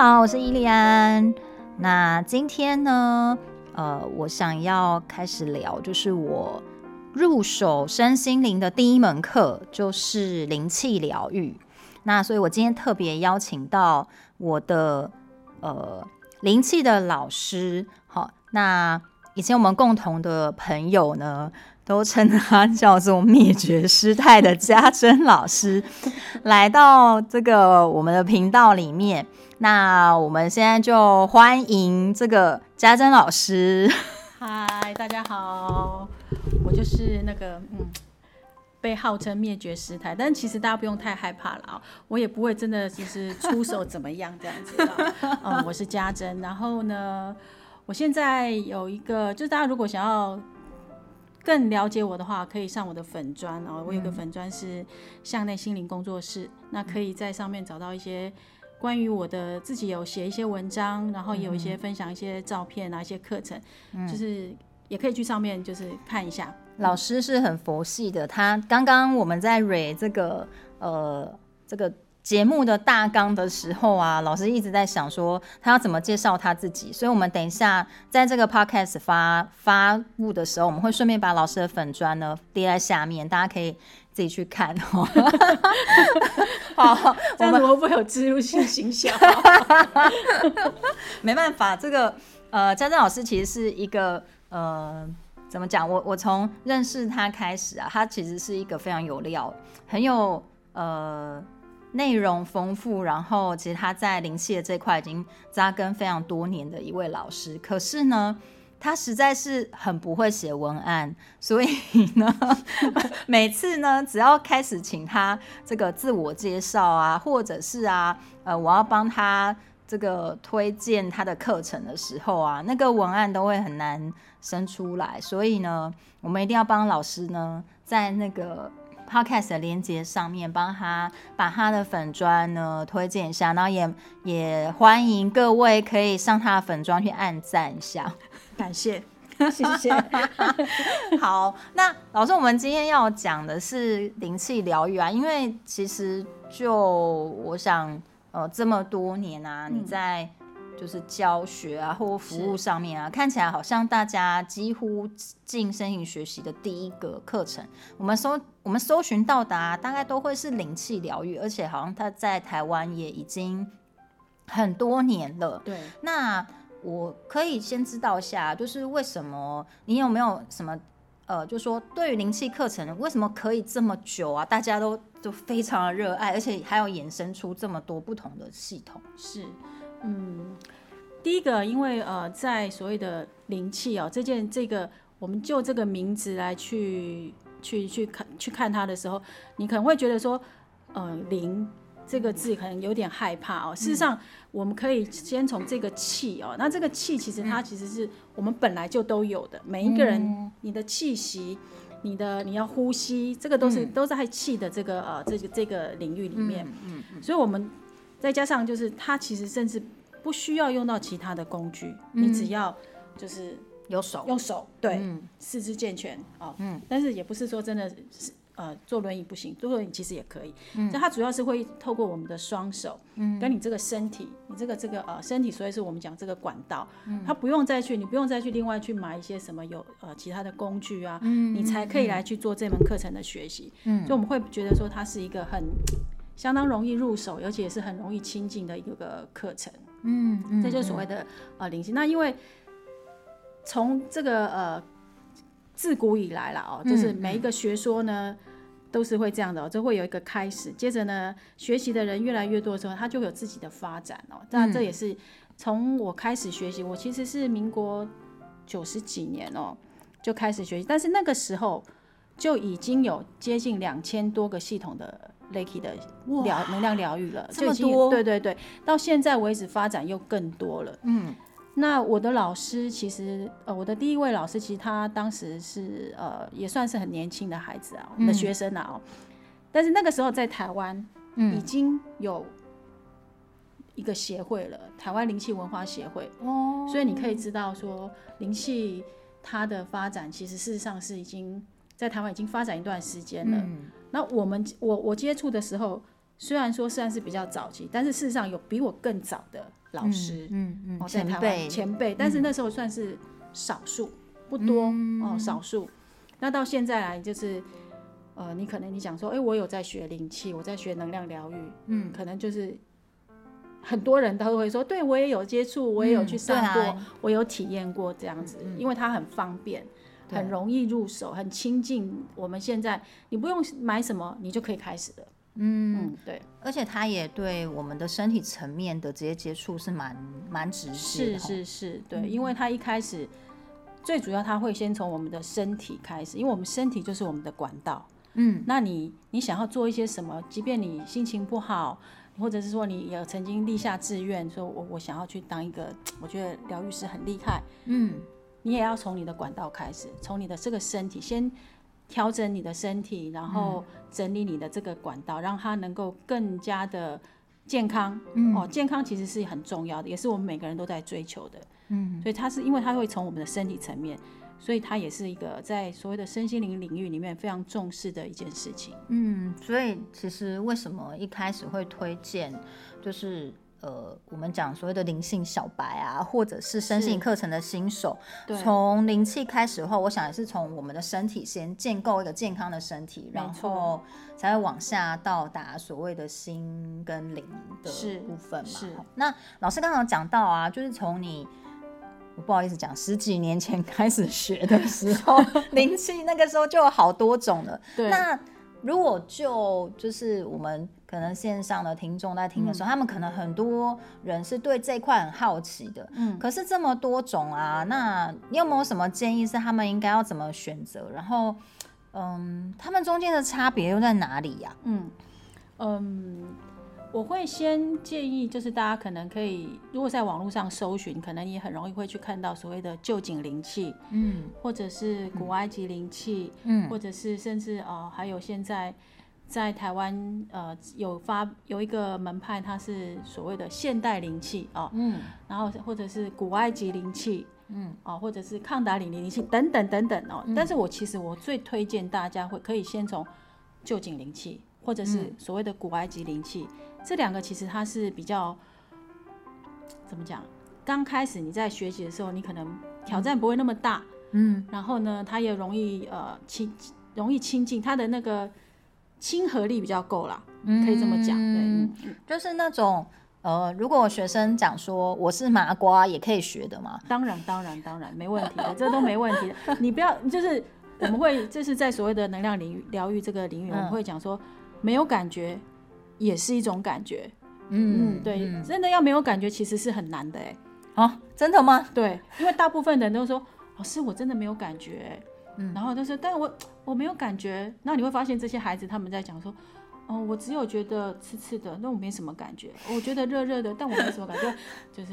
好，我是伊俐安。那今天呢，呃，我想要開始聊，就是我入手身心靈的第一門課，就是靈氣療癒。那所以，我今天特別邀請到我的呃靈氣的老師，好、哦，那以前我們共同的朋友呢，都稱他叫做滅絕師太的家珍老師， 來到這個我們的頻道裡面。那我們現在就歡迎這個家珍老師。嗨，大家好，我就是那個嗯，被號稱滅絕師太，但其實大家不用太害怕了，我也不會真的就是出手怎麼樣這樣子的、 嗯。我是家珍，然後呢，我現在有一個，就是大家如果想要更了解我的話，可以上我的粉專，我有一個粉專是嚮內心靈工作室，嗯、那可以在上面找到一些。關於我的自己有寫一些文章，然後有一些分享一些照片啊，嗯、一些課程，就是也可以去上面就是看一下。嗯、老師是很佛系的，他剛剛我們在 ray 這個呃，這個，呃這個節目的大綱的時候啊，老師一直在想說他要怎麼介紹他自己，所以我們等一下在這個 podcast 發發布的時候，我們會順便把老師的粉專呢貼在下面，大家可以自己去看哦。 好， 這樣 我們會不會有植入性形象？ 沒辦法，這個呃，家珍老師其實是一個呃，怎麼講？我我從認識他開始啊，他其實是一個非常有料，很有呃。內容豐富，然後其實他在靈氣的這塊已經扎根非常多年的一位老師，可是呢，他實在是很不會寫文案，所以呢， 每次呢，只要開始請他這個自我介紹啊，或者是啊，呃，我要幫他這個推薦他的課程的時候啊，那個文案都會很難生出來，所以呢，我們一定要幫老師呢，在那個。Podcast 的連結上面，幫他把他的粉專呢推薦一下，然後也也歡迎各位可以上他的粉專去按讚一下，感謝，謝謝。 好，那老師，我們今天要講的是靈氣療癒啊，因為其實就我想，呃，這麼多年啊，嗯、你在。就是教學啊，或服務上面啊，是看起來好像大家幾乎進身心靈學習的第一個課程，我們搜我們搜尋到達大概都會是靈氣療癒，而且好像他在台灣也已經很多年了。對，那我可以先知道一下，就是為什麼你有沒有什麼呃，就說，對於靈氣課程，為什麼可以這麼久啊？大家都都非常的熱愛，而且還有衍生出這麼多不同的系統是。嗯，第一個，因為呃，在所謂的靈氣哦，這件這個，我們就這個名字來去去去看去看它的時候，你可能會覺得說，呃，靈這個字可能有點害怕哦。事實上，嗯、我們可以先從這個氣哦，那這個氣其實它其實是我們本來就都有的，嗯、每一個人你的氣息，你的你要呼吸，這個都是、嗯、都是在氣的這個呃這個這個領域裡面，嗯嗯嗯、所以我們。再加上就是，它其實甚至不需要用到其他的工具，嗯、你只要就是有手，用手，對，嗯、四肢健全啊，呃嗯、但是也不是說真的是，呃，坐輪椅不行，坐輪椅其實也可以。那它、嗯、主要是會透過我們的雙手，嗯，跟你這個身體，你這個這個呃身體，所以是我們講這個管道，它、嗯、不用再去，你不用再去另外去買一些什麼有呃其他的工具啊，嗯、你才可以來去做這門課程的學習。嗯，所以我們會覺得說它是一個很。相當容易入手，而且也是很容易親近的一個課程。嗯，嗯，嗯這就是所謂的呃靈性。那因為從這個呃自古以來啦哦，嗯、就是每一個學說呢、嗯、都是會這樣的，就會有一個開始。接着呢，學習的人越來越多的時候，它就會有自己的發展了、喔。嗯、那這也是從我開始學習，我其實是民國九十幾年哦、喔、就開始學習，但是那個時候。就已經有接近兩千多個系統的 Reiki 的療能量療癒了，哇就已經有這麼多，對對對，到現在為止發展又更多了。嗯，那我的老師其實呃我的第一位老師其實他當時是呃也算是很年輕的孩子啊、喔，我、嗯、的學生啊、喔、但是那個時候在台灣已經有一個協會了，嗯、台灣靈氣文化協會哦，所以你可以知道說靈氣它的發展其實事實上是已經。在台灣已經發展一段時間了。嗯、那我們我我接觸的時候，雖然說算是比較早期，但是事實上有比我更早的老師，嗯嗯，在台灣，前輩前輩，但是那時候算是少數，嗯、不多哦，少數。嗯、那到現在來就是，呃，你可能你想說，哎、欸，我有在學靈氣，我在學能量療癒，嗯，可能就是很多人都會說，對我也有接觸，我也有去上過，嗯啊、我有體驗過這樣子，因為它很方便。很容易入手，很親近。我們現在你不用買什麼，你就可以開始了。嗯，嗯，對。而且它也對我們的身體層面的直接接觸是蠻蠻直接的。是是是，對，嗯。因為它一開始最主要，他會先從我們的身體開始，因為我們身體就是我們的管道。嗯，那你你想要做一些什麼？即便你心情不好，或者是說你也曾經立下志願，說我我想要去當一個，我覺得療癒師很厲害。嗯。嗯你也要從你的管道開始，從你的這個身體先調整你的身體，然後整理你的這個管道，嗯，讓它能夠更加的健康。嗯，哦，健康其實是很重要的，也是我們每個人都在追求的。嗯，所以它是因為它會從我們的身體層面，所以它也是一個在所謂的身心靈領域裡面非常重視的一件事情。嗯，所以其實為什麼一開始會推薦，就是。呃，我們講所謂的靈性小白啊，或者是身心課程的新手，從靈氣開始後，我想也是從我們的身體先建構一個健康的身體，然後才會往下到達所謂的心跟靈的部分嘛。是是，那老師剛剛有講到啊，就是從你，我不好意思講，十幾年前開始學的時候， 靈氣那個時候就有好多種了。對那如果就就是我們。可能線上的聽眾在聽的時候，嗯、他們可能很多人是對這一塊很好奇的。嗯，可是這麼多種啊，那你有沒有什麼建議是他們應該要怎麼選擇？然後，嗯，他們中間的差別又在哪裡呀、啊？嗯嗯，我會先建議就是大家可能可以，如果在網絡上搜尋，可能也很容易會去看到所謂的臼井靈氣，嗯，或者是古埃及靈氣，嗯，或者是甚至啊、呃，還有現在。在台灣，呃，有發有一個門派，它是所謂的現代靈氣哦，嗯，然後或者是古埃及靈氣，嗯，哦，或者是康達里尼靈氣等等等等哦。嗯、但是我其實我最推薦大家會可以先從臼井靈氣，或者是所謂的古埃及靈氣，嗯、這兩個其實它是比較怎麼講？剛開始你在學習的時候，你可能挑戰不會那麼大，嗯，然後呢，它也容易呃親容易親近它的那個。親和力比較夠啦，可以這麼講，嗯、對，嗯、就是那種呃，如果學生講說我是麻瓜也可以學的嘛，當然當然當然沒問題的， 這都沒問題的，你不要就是我們會就是在所謂的能量領域療癒這個領域，嗯、我們會講說沒有感覺也是一種感覺，嗯，嗯對，真的要沒有感覺其實是很難的哎、欸，啊，真的嗎？對，因為大部分人都說老師我真的沒有感覺，欸。嗯、然後但、就是，但我我沒有感覺。那你會發現這些孩子他們在講說，哦，我只有覺得刺刺的，那我沒什麼感覺。我覺得熱熱的，但我沒什麼感覺， 就是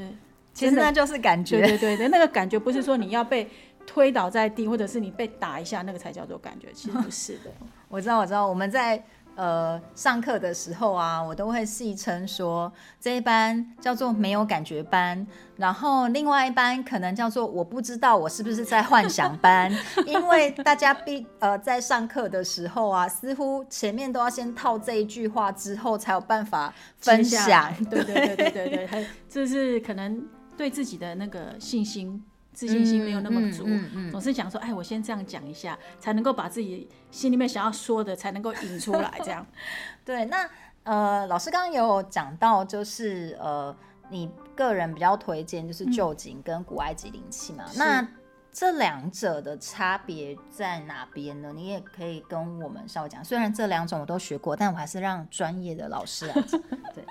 其實，其實那就是感覺。對，對對對，那個感覺不是說你要被推倒在地， 或者是你被打一下，那個才叫做感覺。其實不是的， 我知道，我知道，我知道，我們在。呃，上課的時候啊，我都會戲稱說，這一班叫做沒有感覺班，嗯、然後另外一班可能叫做我不知道我是不是在幻想班， 因為大家必呃在上課的時候啊，似乎前面都要先套這一句話之後才有辦法分享，對對對對對對，就 是可能對自己的那個信心，自信心沒有那麼足，嗯嗯嗯、總是想說，哎，我先這樣講一下，才能夠把自己心裡面想要說的，才能夠引出來，這樣。 對，那呃，老師剛剛有講到，就是呃，你個人比較推薦就是臼井跟古埃及靈氣嘛。嗯、那是這兩者的差別在哪邊呢？你也可以跟我們稍微講，雖然這兩種我都學過，但我還是讓專業的老師來講。 對。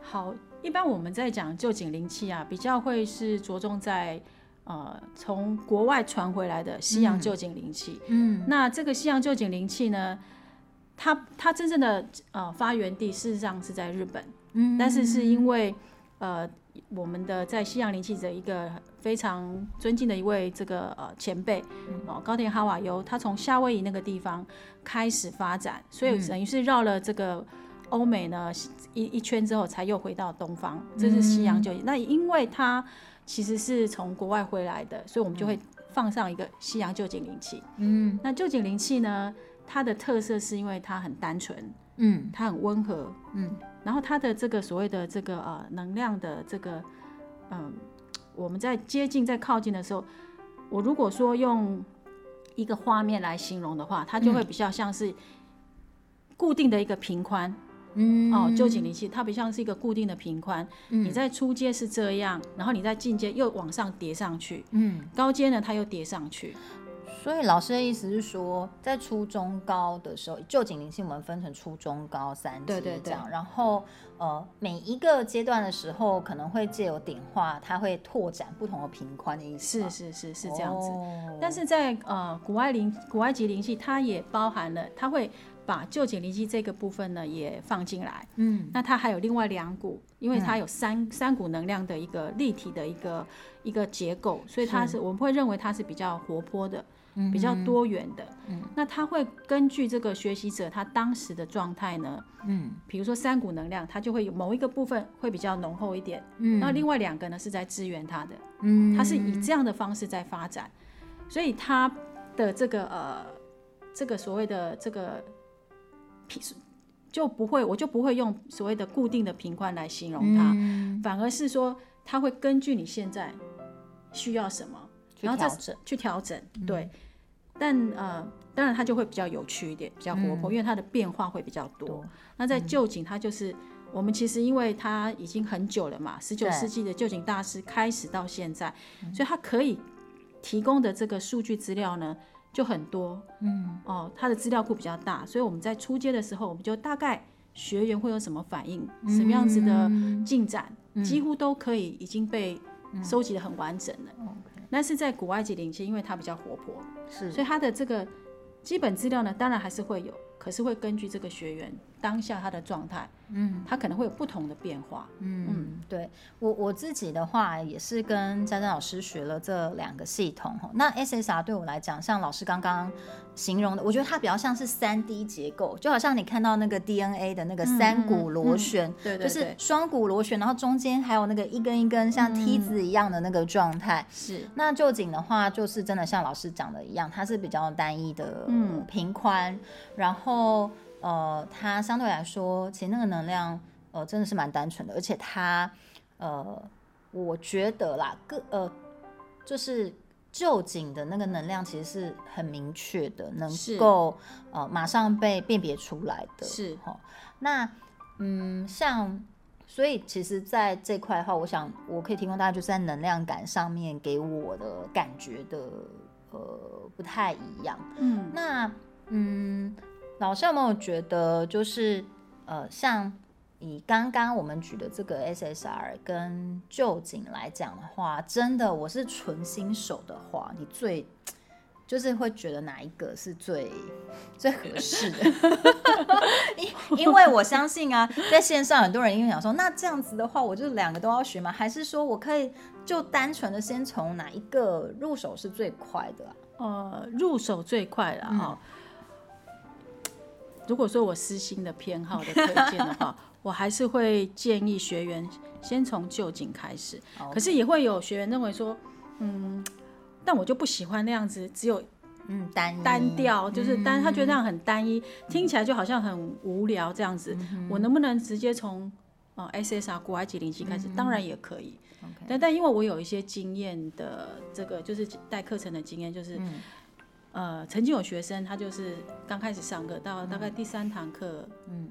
好，一般我們在講臼井靈氣啊，比較會是着重在。呃，從國外傳回來的西洋臼井靈氣，嗯，那這個西洋臼井靈氣呢，它它真正的呃發源地事實上是在日本，嗯，但是是因為呃我們的在西洋靈氣的一個非常尊敬的一位這個呃前輩哦，嗯、高田哈瓦尤，他從夏威夷那個地方開始發展，所以等於是繞了這個歐美呢一一圈之後，才又回到東方，這是西洋臼井。嗯、那因為他。其實是從國外回來的，所以我們就會放上一個西洋臼井靈氣。嗯，那臼井靈氣呢，它的特色是因為它很單純，嗯，它很溫和，嗯，然後它的這個所謂的這個呃能量的這個，嗯、呃，我們在接近在靠近的時候，我如果說用一個畫面來形容的話，它就會比較像是固定的一個平寬。嗯哦，臼井靈氣特別像是一個固定的頻寬，嗯、你在初階是這樣，然後你在進階又往上疊上去，嗯，高階呢它又疊上去。所以老師的意思是說，在初中高的時候，臼井靈氣我們分成初中高三階,對對對，然後呃每一個階段的時候可能會借由點化，它會拓展不同的頻寬的意思。是是是是這樣子，哦、但是在呃古埃靈古埃及靈氣，它也包含了，它會。把臼井靈氣這個部分呢也放進來，嗯，那它還有另外兩股，因為它有三、嗯、三股能量的一個立體的一個一個結構，所以它是，是我們會認為它是比較活潑的，嗯、哼比較多元的。嗯、那它會根據這個學習者他當時的狀態呢，嗯，比如說三股能量，它就會有某一個部分會比較濃厚一點，嗯，那另外兩個呢是在支援他的，嗯，它是以這樣的方式在發展，所以它的這個呃這個所謂的這個。就不會，我就不會用所謂的固定的頻寬來形容它，嗯、反而是說它會根據你現在需要什麼去調整，然後再去調整。嗯、對，但呃，當然它就會比較有趣一點，比較活潑，嗯、因為它的變化會比較多。多那在臼井，它就是、嗯、我們其實因為它已經很久了嘛，十九世紀的臼井大師開始到現在，對所以它可以提供的這個數據資料呢。就很多，嗯，哦，他的資料庫比較大，所以我們在初階的時候，我們就大概學員會有什麼反應，什麼樣子的進展，嗯、幾乎都可以已經被收集的很完整了。那、嗯嗯 okay、是在古埃及領域，因為它比較活潑，是，所以它的這個基本資料呢，當然還是會有，可是會根據這個學員。當下他的狀態，嗯，他可能會有不同的變化，嗯嗯，對我我自己的話也是跟家珍老師學了這兩個系統那，SSR 對我來講，像老師剛剛形容的，我覺得它比較像是三 D 結構，就好像你看到那個 DNA 的那個三股螺旋，嗯嗯、對，對對，就是雙股螺旋，然後中間還有那個一根一根像梯子一樣的那個狀態。是、嗯，那臼井的話，就是真的像老師講的一樣，它是比較單一的，嗯、呃，平寬，然後。呃，它相對來說，其實那個能量，呃，真的是蠻單純的，而且它，呃，我覺得啦，個呃，就是臼井的那個能量，其實是很明確的，能夠是呃馬上被辨別出來的，是、哦、那嗯，像所以，其實在這塊的話，我想我可以提供大家，就是在能量感上面給我的感覺的，呃，不太一樣。嗯，那嗯。老師有沒有覺得，就是呃，像以剛剛我們舉的這個 SSR 跟臼井來講的話，真的我是純新手的話，你最就是會覺得哪一個是最最合適的？因 因為我相信啊，在線上很多人因為想說，那這樣子的話，我就兩個都要學嗎？還是說我可以就單純的先從哪一個入手是最快的？啊？呃，入手最快了哈。嗯如果說我私心的偏好的推薦的話，我還是會建議學員先從臼井開始。可是也會有學員認為說，嗯，但我就不喜歡那樣子，只有嗯單單調，就是單，他覺得這樣很單一，聽起來就好像很無聊這樣子。我能不能直接從 SSR 古埃及靈氣開始？當然也可以。但但因為我有一些經驗的這個，就是帶課程的經驗，就是。呃，曾經有學生，他就是剛開始上課，到大概第三堂課，嗯，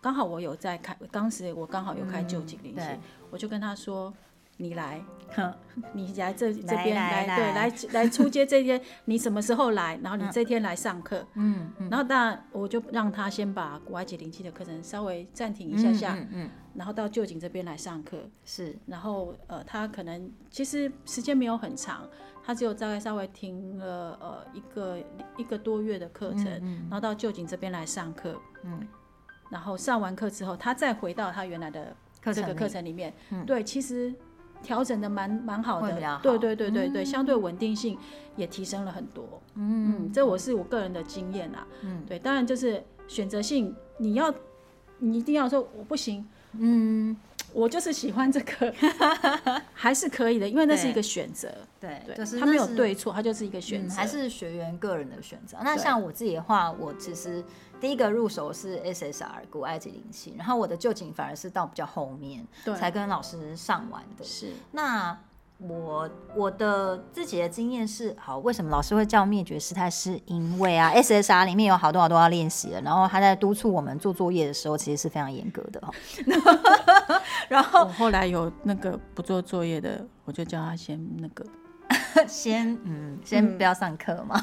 剛好我有在開，當時我剛好有開臼井靈氣，嗯、我就跟他說，你來，哼，你來這這邊來，對，來來初階這天 你什麼時候來？然後你這天來上課，嗯，然後當然我就讓他先把古埃及靈氣的課程稍微暫停一下下，嗯，嗯嗯然後到臼井這邊來上課，是，然後呃，他可能其實時間沒有很長。他只有大概稍微停了呃一個一個多月的課程，嗯嗯、然後到臼井這邊來上課，嗯，然後上完課之後，他再回到他原來的這個課程裡面，嗯、對，其實調整的蠻蠻好的，好對對對對對，嗯、相對穩定性也提升了很多，嗯，嗯，這我是我個人的經驗啊，嗯，對，當然就是選擇性，你要你一定要說我不行，嗯。我就是喜歡這個，還是可以的，因為那是一個選擇，對，就對是，是他沒有對錯，他就是一個選擇、嗯，還是學員個人的選擇、嗯。那像我自己的話，對我其實第一個入手是 SSR 古埃及靈氣，然後我的臼井反而是到比較後面對才跟老師上完的，是那。我我的自己的經驗是，好，為什麼老師會叫滅絕師太，是因為啊，SSR 裡面有好多好多要練習的，然後他在督促我們做作業的時候，其實是非常嚴格的。 然後 我後來有那個不做作業的，我就叫他先那個。先嗯，嗯先不要上課嘛，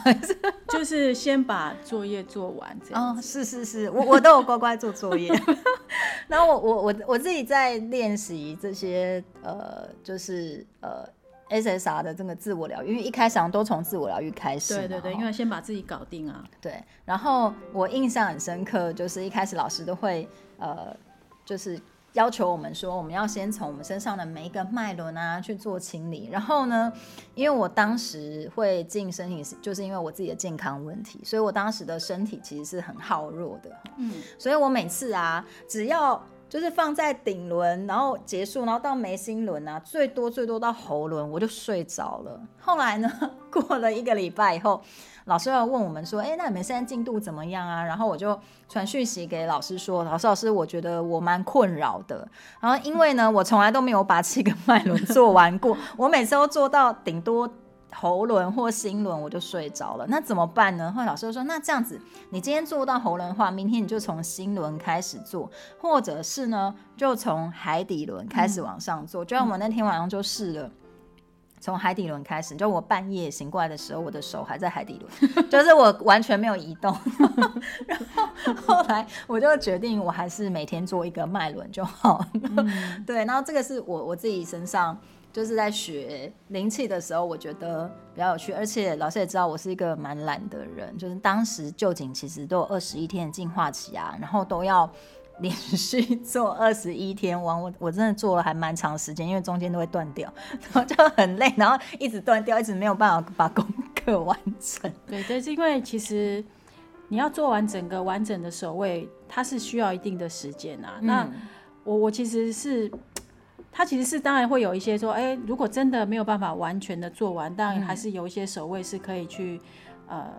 就是先把作業做完這樣。哦，是是是，我我都有乖乖做作業。 然後我我我我自己在練習這些呃，就是呃，S S R 的這個自我療癒，因為一開始好像都從自我療癒開始。對對對，然後，因為先把自己搞定啊。對。然後我印象很深刻，就是一開始老師都會呃，就是。要求我們說，我們要先從我們身上的每一個脈輪啊去做清理，然後呢，因為我當時會進身體，就是因為我自己的健康問題，所以我當時的身體其實是很耗弱的，嗯，所以我每次啊，只要就是放在頂輪，然後結束，然後到眉心輪啊，最多最多到喉輪，我就睡着了。後來呢，過了一個禮拜以後。老師要問我們說：“哎、欸，那你們現在進度怎麼樣啊？”然後我就傳訊息給老師說：“老師，老師，我覺得我蠻困擾的。然後因為呢，我從來都沒有把七個脈輪做完過， 我每次都做到頂多喉輪或心輪，我就睡着了。那怎麼辦呢？”後來老師就說：“那這樣子，你今天做到喉輪的話，明天你就從心輪開始做，或者是呢，就從海底輪開始往上做。嗯”就像我們那天晚上就試了。嗯從海底輪開始，就我半夜醒過來的時候，我的手還在海底輪，就是我完全沒有移動。 然後後來我就決定，我還是每天做一個脈輪就好。嗯、 對，然後這個是我我自己身上就是在學靈氣的時候，我覺得比較有趣。而且老師也知道我是一個蠻懶的人，就是當時臼井其實都有二十一天的淨化期啊，然後都要。連續做二十一天完，我我真的做了還蠻長時間，因為中間都會斷掉，然後就很累，然後一直斷掉，一直沒有辦法把功課完成。對，對是因為其實你要做完整個完整的手位它是需要一定的時間啊。嗯、那我我其實是，它其實是當然會有一些說，哎、欸，如果真的沒有辦法完全的做完，當然還是有一些手位是可以去呃。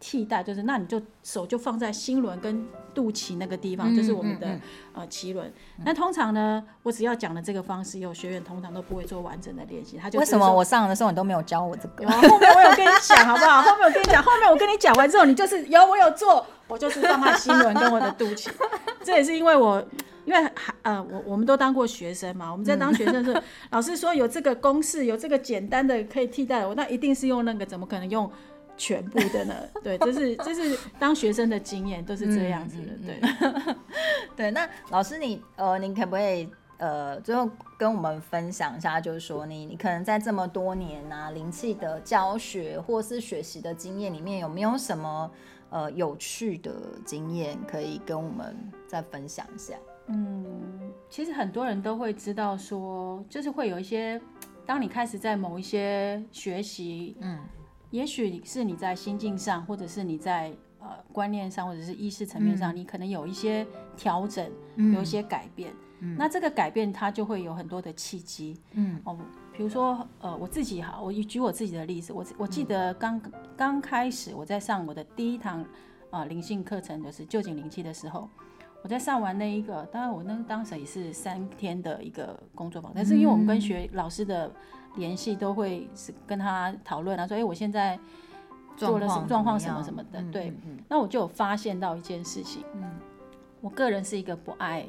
替代就是，那你就手就放在心輪跟肚臍那個地方，嗯、就是我們的、嗯、呃臍輪。那、嗯、通常呢，我只要講了這個方式以後，有學員通常都不會做完整的練習。他就為什麼我上的時候你都沒有教我這個？啊、後面我有跟你講好不好？後面我跟你講， 後面我跟你講完之後，你就是有我有做，我就是放在心輪跟我的肚臍。 這也是因為我因為呃我我們都當過學生嘛，我們在當學生的時候、嗯、老師說有這個公式，有這個簡單的可以替代我，那一定是用那個，怎麼可能用？全部的呢？ 對，就是就是當學生的經驗都是這樣子的，嗯嗯嗯、對， 對。那老師你呃，您可不可以呃，最後跟我們分享一下，就是說你你可能在這麼多年啊靈氣的教學或是學習的經驗裡面，有沒有什麼呃有趣的經驗可以跟我們再分享一下？嗯，其實很多人都會知道說，就是會有一些，當你開始在某一些學習，嗯。嗯也許是你在心境上，或者是你在呃觀念上，或者是意識層面上，嗯、你可能有一些調整，嗯、有一些改變。嗯、那這個改變它就會有很多的契機。嗯哦，比如說呃，我自己哈，我舉我自己的例子，我我記得剛剛開始我在上我的第一堂啊靈、呃、性課程，就是臼井靈氣的時候，我在上完那一個，當然我那當時也是三天的一個工作坊，嗯、但是因為我們跟學老師的。聯繫都會是跟他討論啊，說哎、欸，我現在做了什麼狀況什麼什麼的，麼對，嗯嗯嗯、那我就有發現到一件事情，嗯，我個人是一個不愛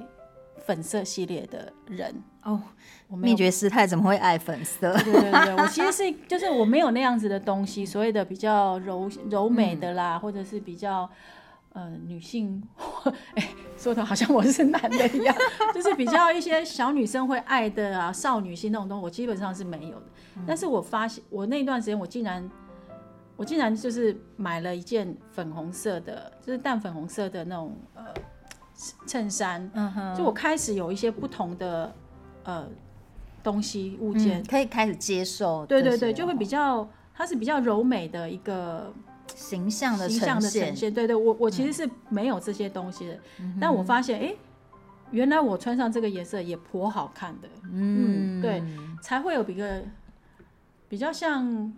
粉色系列的人哦，我沒滅絕師太怎麼會愛粉色？對對，對對對，我其實是就是我沒有那樣子的東西， 所謂的比較柔柔美的啦，或者是比較。呃、女性，哎、欸，說的好像我是男的一樣， 就是比較一些小女生會愛的啊，少女心那種東西，我基本上是沒有的。嗯、但是我發現，我那段時間，我竟然，我竟然就是買了一件粉紅色的，就是淡粉紅色的那種呃襯衫，嗯、哼就我開始有一些不同的呃東西物件、嗯，可以開始接受，對對對，就會比較，它是比較柔美的一個。形象，的形象的呈現，對對，對，我我其實是沒有這些東西的，嗯、但我發現，哎、欸，原來我穿上這個顏色也頗好看的，嗯、嗯，對，才會有比較比較像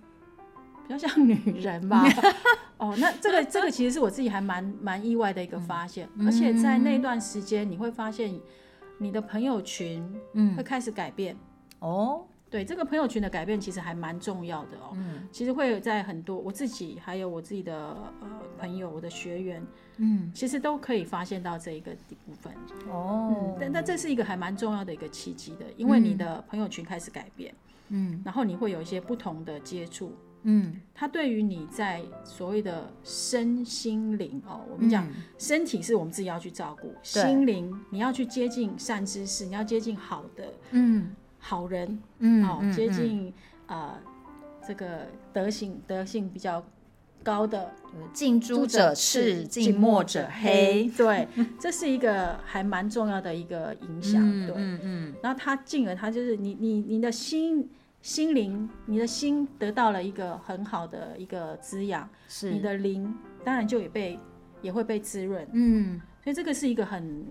比較像女人吧。 哦，那這個這個其實是我自己還蠻蠻意外的一個發現，嗯、而且在那一段時間，你會發現你的朋友群，會開始改變、嗯、哦。對這個朋友群的改變，其實還蠻重要的哦。嗯，其實會在很多我自己，還有我自己的呃朋友，我的學員，嗯，其實都可以發現到這一個部分哦。嗯，但但這是一個還蠻重要的一個契機的，因為你的朋友群開始改變，嗯，然後你會有一些不同的接觸，嗯，它對於你在所謂的身心靈、嗯、哦，我們講身體是我們自己要去照顧，對心靈你要去接近善知識，你要接近好的，嗯。好人，嗯、哦，接近啊、嗯嗯呃，這個德行、德性比較高的，近朱者赤，近墨者黑，者黑對， 這是一個還蠻重要的一個影響，嗯、對，嗯嗯。那、嗯、他進而他就是你你你的心心靈，你的心得到了一個很好的一個滋養，是，你的靈當然就也被也會被滋潤，嗯，所以這個是一個很。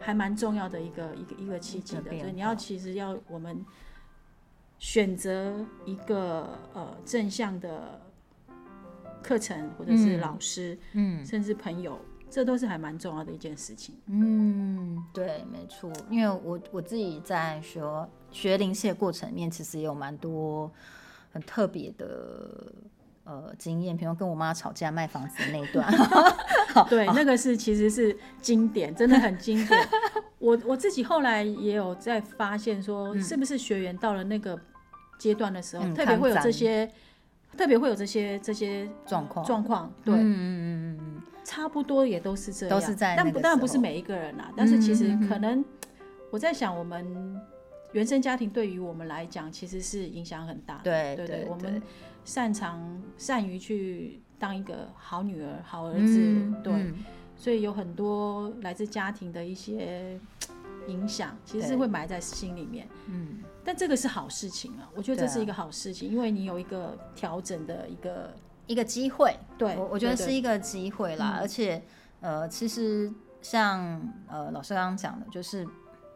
還蠻重要的一個一個一個契機的，所以你要其實要我們選擇一個呃正向的課程或者是老師，嗯，甚至朋友，嗯、這都是還蠻重要的一件事情。嗯，對，沒錯。因為我我自己在學學靈性的過程裡面，其實也有蠻多很特別的。呃，經驗，比如跟我媽吵架，賣房子那段，對，那個是其實是經典，真的很經典。我我自己後來也有在發現，說是不是學員到了那個階段的時候，特別會有這些，特別會有這些這些狀況狀況。對，嗯嗯嗯嗯差不多也都是這樣，都是在。但當然不是每一個人啦，但是其實可能我在想，我們原生家庭對於我們來講，其實是影響很大。對對對，我們。擅長、善於去當一個好女兒、好兒子，嗯、對，嗯、所以有很多來自家庭的一些影響，其實是會埋在心裡面。嗯，但這個是好事情啊，我覺得這是一個好事情，啊、因為你有一個調整的一個一個機會。對，我我覺得是一個機會啦，對對對，而且呃，其實像呃老師剛剛講的，就是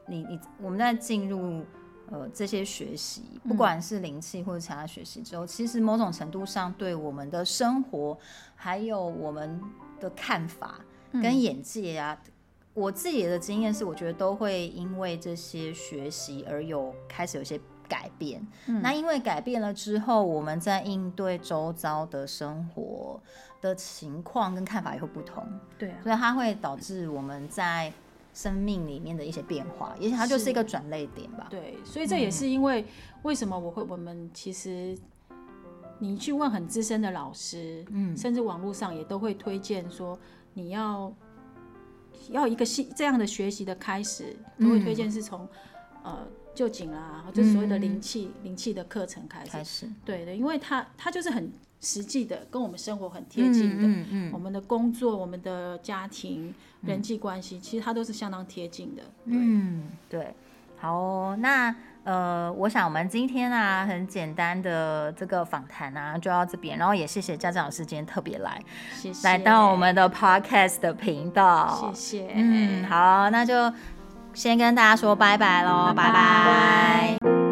你你我們在進入。呃，這些學習，不管是靈氣或者其他學習之後，嗯、其實某種程度上對我們的生活，還有我們的看法跟眼界啊，嗯、我自己的經驗是，我覺得都會因為這些學習而有開始有些改變。嗯、那因為改變了之後，我們在應對周遭的生活的情況跟看法也會不同。對、啊，所以它會導致我們在。生命裡面的一些變化，也許它就是一個轉捩點吧。對，所以這也是因為為什麼我會我們其實，你去問很資深的老師，嗯，甚至網絡上也都會推薦說，你要要一個新這樣的學習的開始，都會推薦是從、嗯、呃臼井啊，就所謂的靈氣靈氣的課程開始。開始對對的，因為他它，它就是很。實際的，跟我們生活很貼近的，嗯嗯、嗯我們的工作、我們的家庭、嗯、人際關係，嗯、其實它都是相當貼近的。嗯，對，好，那呃，我想我們今天啊，很簡單的這個訪談啊，就到這邊，然後也謝謝家珍老師今天特別來，謝謝來到我們的 podcast 的頻道，謝謝，嗯，好，那就先跟大家說拜拜嘍，嗯、拜拜。拜拜。